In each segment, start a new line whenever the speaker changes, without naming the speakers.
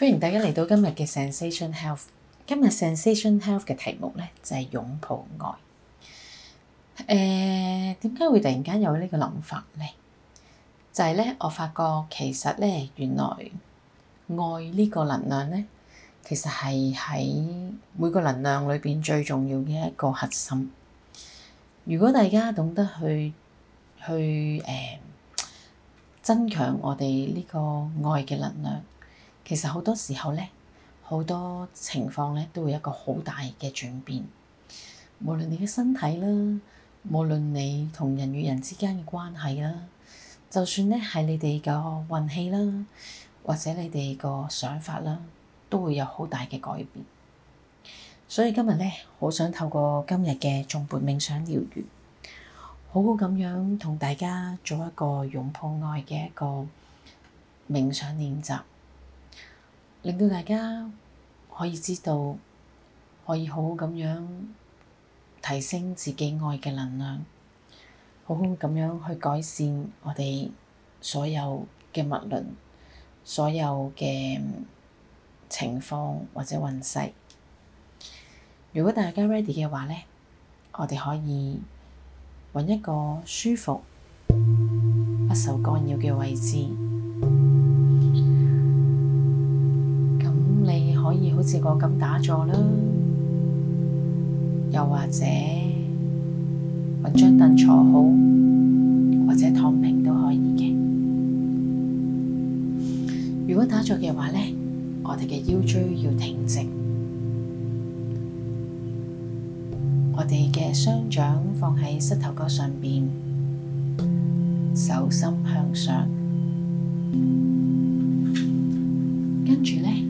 歡迎大家嚟到今日嘅 Zensation Health。今日 Zensation Health 嘅題目呢，就係、是、擁抱愛。誒，點解會突然間有呢個諗法呢？就係、是、呢，我發覺其實呢，原來愛呢個能量呢，其實係喺每個能量裏邊最重要嘅一個核心。如果大家懂得去去誒、呃、增強我哋呢個愛嘅能量。其實好多時候咧，好多情況咧都會有一個好大嘅轉變，無論你嘅身體啦，無論你同人與人之間嘅關係啦，就算咧係你哋個運氣啦，或者你哋個想法啦，都會有好大嘅改變。所以今日咧，好想透過今日嘅頌缽冥想療癒，好好咁樣同大家做一個擁抱愛嘅一個冥想練習。令到大家可以知道，可以好好咁樣提升自己愛嘅能量，好好咁樣去改善我哋所有嘅物聯，所有嘅情況或者運勢。如果大家 ready 嘅話咧，我哋可以搵一個舒服、不受干擾嘅位置。好似我咁打坐啦，又或者搵張凳坐好，或者躺平都可以嘅。如果打坐嘅話咧，我哋嘅腰椎要挺直，我哋嘅雙掌放喺膝頭哥上邊，手心向上，跟住咧。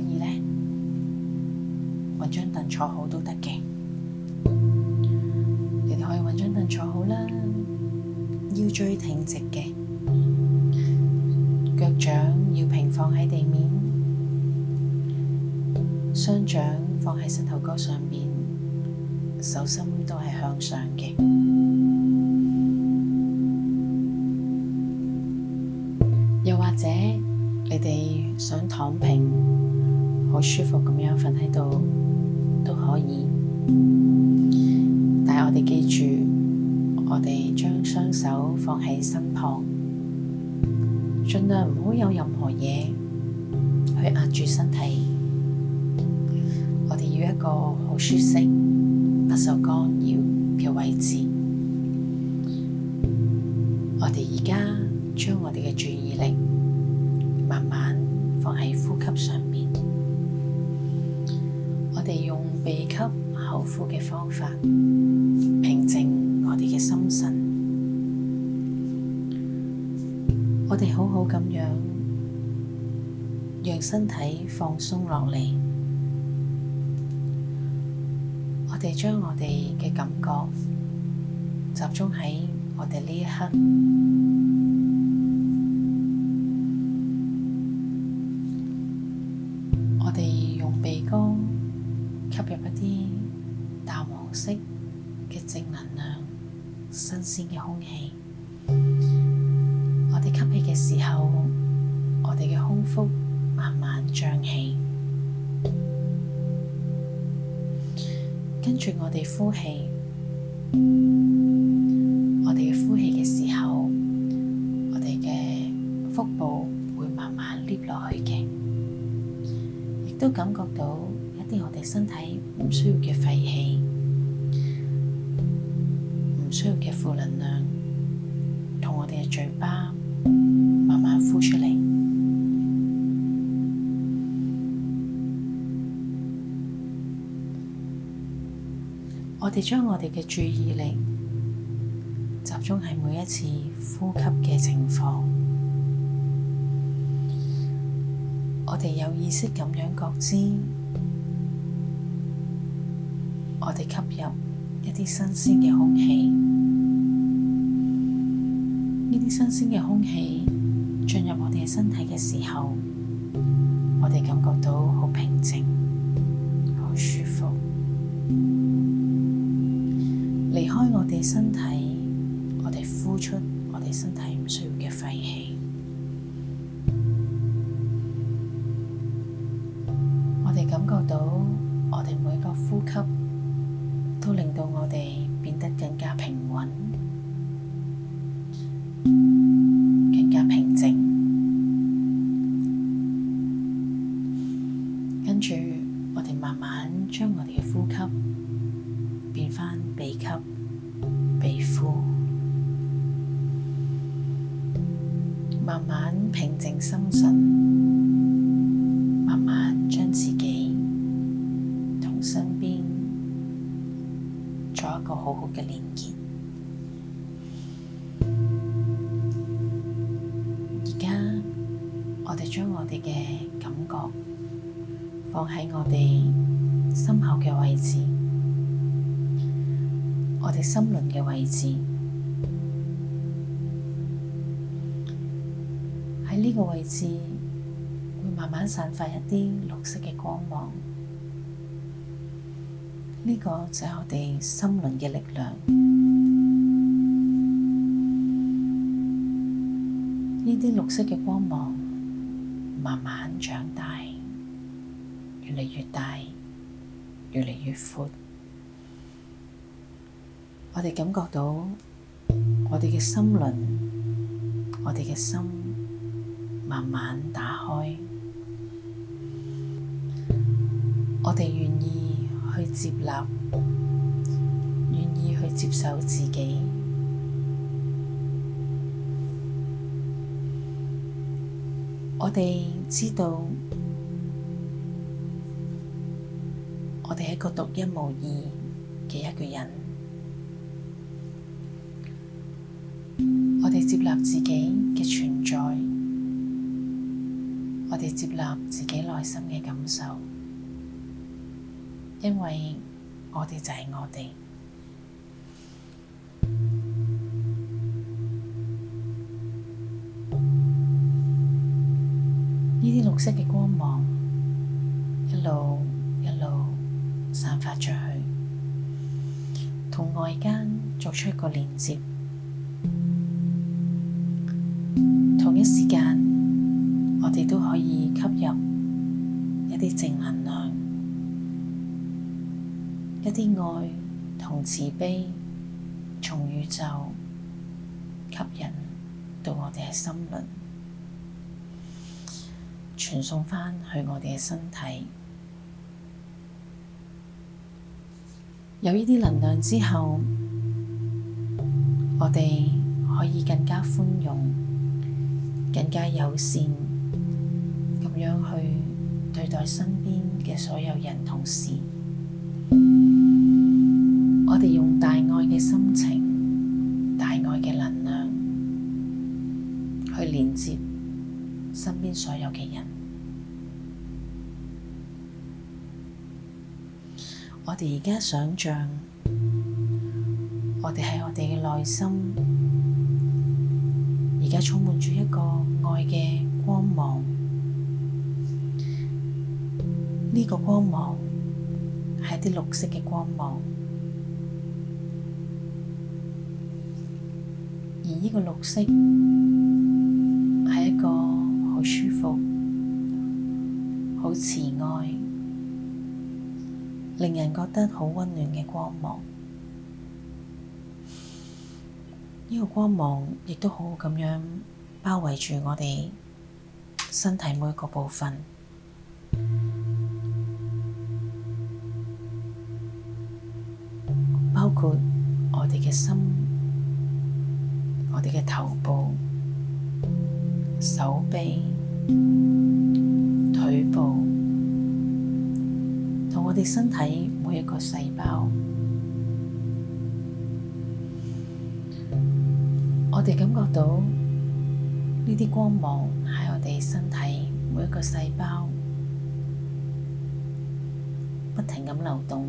可以呢，揾張凳坐好都得嘅。你哋可以揾張凳坐好啦，腰椎挺直嘅，腳掌要平放喺地面，雙掌放喺膝頭哥上面，手心都係向上嘅。又或者你哋想躺平。好舒服咁樣瞓喺度都可以，但係我哋記住，我哋將雙手放喺身旁，盡量唔好有任何嘢，去壓住身體。我哋要一個好舒適、不受干擾嘅位置。我哋而家將我哋嘅注意力慢慢放喺呼吸上面。鼻吸口呼嘅方法，平靜我哋嘅心神。我哋好好咁樣，讓身體放鬆落嚟。我哋將我哋嘅感覺集中喺我哋呢一刻。吸入一啲淡黃色嘅正能量，新鮮嘅空氣。我哋吸氣嘅時候，我哋嘅胸腹慢慢脹起。跟住我哋呼氣。我哋呼氣嘅時候，我哋嘅腹部會慢慢凹落去嘅，亦都感覺到。我哋身體唔需要嘅廢氣，唔需要嘅負能量，同我哋嘅嘴巴慢慢呼出嚟。我哋將我哋嘅注意力集中喺每一次呼吸嘅情況，我哋有意識咁樣覺知。我哋吸入一啲新鮮嘅空氣，呢啲新鮮嘅空氣進入我哋身體嘅時候，我哋感覺到好平靜，好舒服。離開我哋身體，我哋呼出我哋身體唔需要嘅廢氣，我哋感覺到我哋每個呼吸。都令到我哋。做一個好好嘅連結。而家我哋將我哋嘅感覺放喺我哋心口嘅位置，我哋心輪嘅位置，喺呢個位置會慢慢散發一啲綠色嘅光芒。呢個就係我哋心輪嘅力量，呢啲綠色嘅光芒慢慢長大，越嚟越大，越嚟越闊。我哋感覺到我哋嘅心輪，我哋嘅心慢慢打開，我哋願意。去接納，願意去接受自己。我哋知道，我哋係一個獨一無二嘅一個人。我哋接納自己嘅存在，我哋接納自己內心嘅感受。因為我哋就係我哋，呢啲綠色嘅光芒一路一路散發出去，同外間作出一個連結，啲愛同慈悲從宇宙吸引到我哋嘅心靈，傳送返去我哋嘅身體。有呢啲能量之後，我哋可以更加寬容、更加友善，咁樣去對待身邊嘅所有人同事。嘅人，我哋而家想象，我哋喺我哋嘅內心，而家充滿住一個愛嘅光芒。呢個光芒係啲綠色嘅光芒，而呢個綠色。好舒服，好慈愛，令人覺得好温暖嘅光芒。呢個光芒亦都好咁樣包圍住我哋身體每一個部分，包括我哋嘅心，我哋嘅頭部。手臂、腿部同我哋身體每一個細胞，我哋感覺到呢啲光芒喺我哋身體每一個細胞不停咁流動，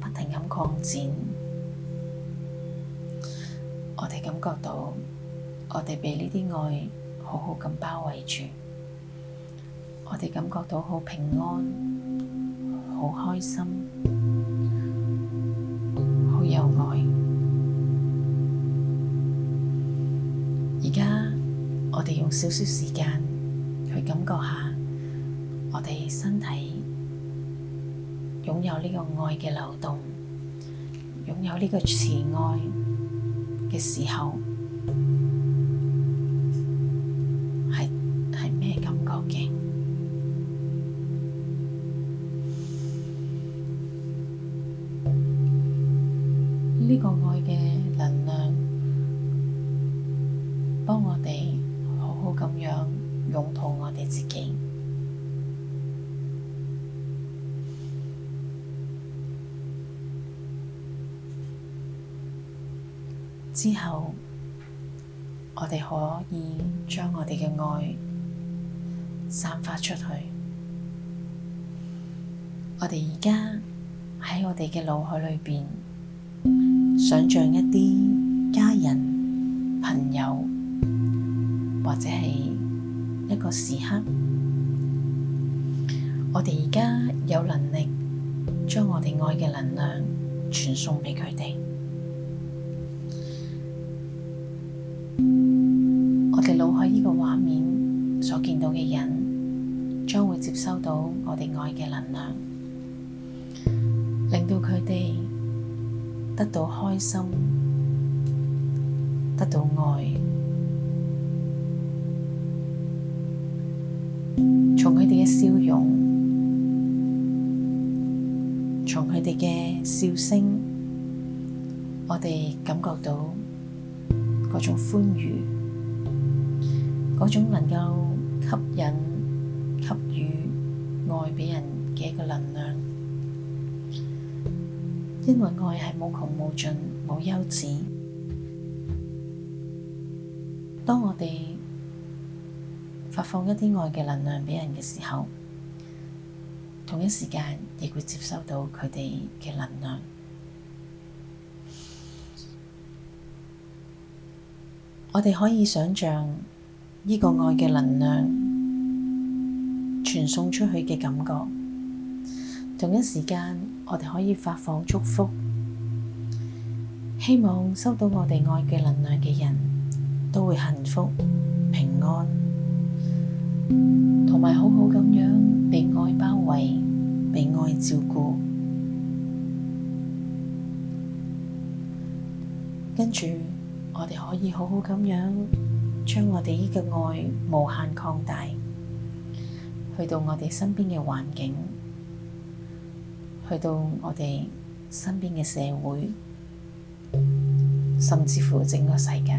不停咁擴展，我哋感覺到。我哋被呢啲愛好好咁包圍住，我哋感覺到好平安、好開心、好有愛。而家，我哋用少少時間去感覺下，我哋身體擁有呢個愛嘅流動，擁有呢個慈愛嘅時候。後，我哋可以將我哋嘅愛散發出去。我哋而家喺我哋嘅腦海裏邊，想象一啲家人、朋友，或者係一個時刻。我哋而家有能力將我哋愛嘅能量傳送畀佢哋。腦海呢個畫面所見到嘅人，將會接收到我哋愛嘅能量，令到佢哋得到開心，得到愛。從佢哋嘅笑容，從佢哋嘅笑聲，我哋感覺到嗰種歡愉。嗰種能夠吸引、吸予給予愛俾人嘅一個能量，因為愛係無窮無盡、無休止。當我哋發放一啲愛嘅能量俾人嘅時候，同一時間亦會接收到佢哋嘅能量。我哋可以想象。呢個愛嘅能量傳送出去嘅感覺，同一時間我哋可以發放祝福，希望收到我哋愛嘅能量嘅人都會幸福、平安，同埋好好咁樣被愛包圍、被愛照顧。跟住我哋可以好好咁樣。將我哋呢個愛無限擴大，去到我哋身邊嘅環境，去到我哋身邊嘅社會，甚至乎整個世界。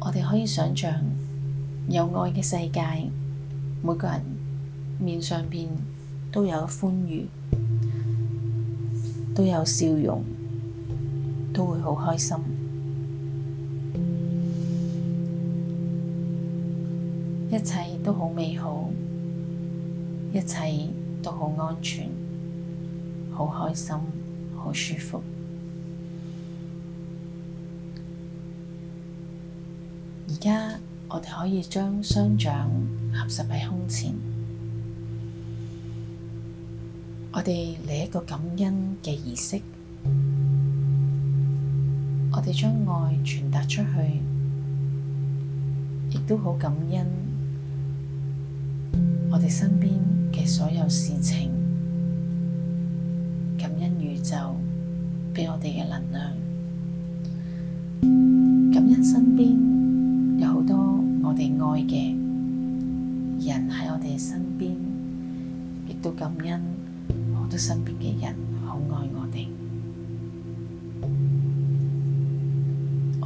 我哋可以想像有愛嘅世界，每個人面上邊都有歡愉，都有笑容。都會好開心，一切都好美好，一切都好安全，好開心，好舒服。而家我哋可以將雙掌合十喺胸前，我哋嚟一個感恩嘅儀式。我哋將愛傳達出去，亦都好感恩我哋身邊嘅所有事情，感恩宇宙畀我哋嘅能量，感恩身邊有好多我哋愛嘅人喺我哋身邊，亦都感恩好多身邊嘅人好愛我哋。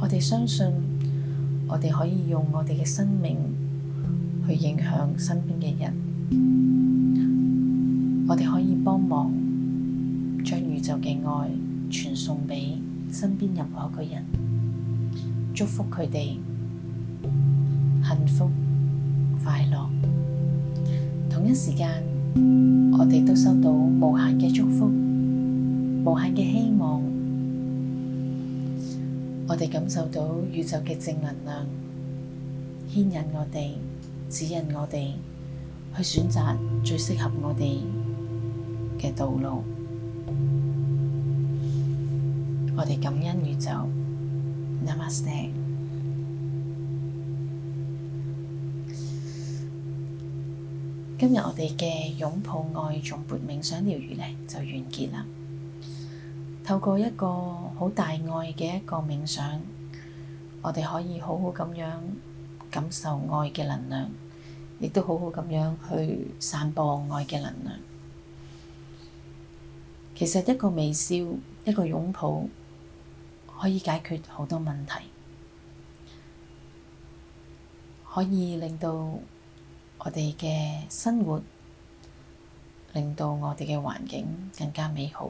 我哋相信，我哋可以用我哋嘅生命去影響身邊嘅人。我哋可以幫忙將宇宙嘅愛傳送畀身邊任何一個人，祝福佢哋幸福快樂。同一時間，我哋都收到無限嘅祝福，無限嘅希望。我哋感受到宇宙嘅正能量，牽引我哋，指引我哋去選擇最適合我哋嘅道路。我哋感恩宇宙。Namaste。今日我哋嘅擁抱愛頌缽冥想療愈呢就完結啦。透過一個好大愛嘅一個冥想，我哋可以好好咁樣感受愛嘅能量，亦都好好咁樣去散播愛嘅能量。其實一個微笑、一個擁抱，可以解決好多問題，可以令到我哋嘅生活，令到我哋嘅環境更加美好。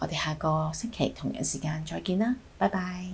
我哋下個星期同樣時間再見啦，拜拜。